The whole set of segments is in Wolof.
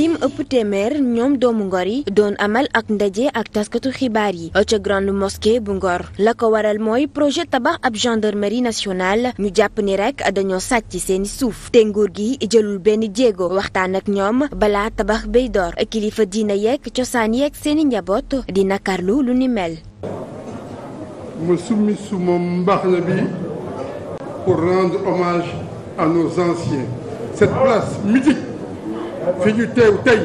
lim ëpp téeméer ñoom doomu ngor yi doon amal ak ndaje ak taskatu xibaar yi ca grande mosquée bu ngor la ko waral mooy projet tabax ab gendarmerie nationale ñu jàpp ni rek dañoo sàcc seeni suuf te nguur gi jëlul benn jéego waxtaan ak ñoom balaa tabax bay door kilifa diina yeeg cosaan yeeg seeni njaboot di nakarlu lu ni mel. fi ñu teew tey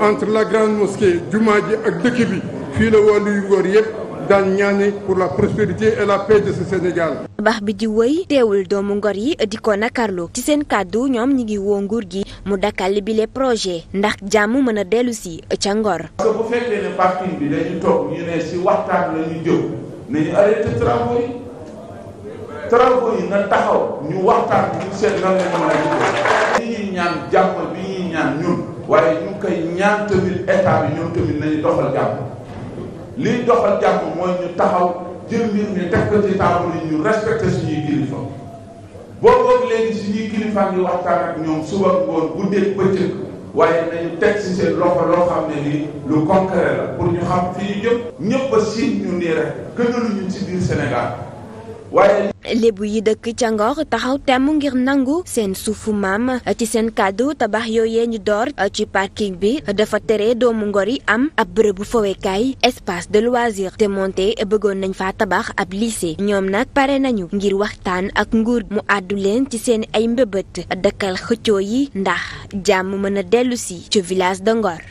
entre la grande mosquée jumaa ji ak dëkk bi fii la wàllu yu ngóor yëpp daan ñaani pour la prospérité et la paix de Sénégal. baax bi di wëy teewul doomu ngor yi di ko nakarlu ci seen kàddu ñoom ñi ngi woo gi mu dakkal bi les projets ndax jàmm mën a dellu si ca ngor. parce bu fekkee ne parti bi dañu toog ñu ne si waxtaan la ñu nañu arrêté travaux yi yi na taxaw ñu waxtaan ñu seet nan la ñu ñaan jàmm. ñaan ñun waaye ñu ngi koy ñaan tamit état bi ñoom tamit nañu doxal jàmm liy doxal jàmm mooy ñu taxaw jël mbir mi teg ko ci table yi ñu respecté suñuy kilifa booboog léegi suñuy kilifa ngi waxtaan ak ñoom suba ngoon guddeeg bëccëg waaye nañu teg si seen loxo loo xam ne lii lu concret la pour ñu xam fii ñu jëm a siin ñu nii rek gënaluñu ci biir Sénégal waaye lébu yi dëkk ca Ngor taxaw temm ngir nangu seen suufu maam ci seen kàddu tabax yooyee ñu door ci parking bi dafa tere doomu Ngor yi am ab bërëbu fowekaay espace de loisir te monté bëggoon nañ fa tabax ab lycée ñoom nag pare nañu ngir waxtaan ak nguur mu àddu leen ci seen ay mbëbët dëkkal xëccoo yi ndax jàmm mën a dellu si ci village de Ngor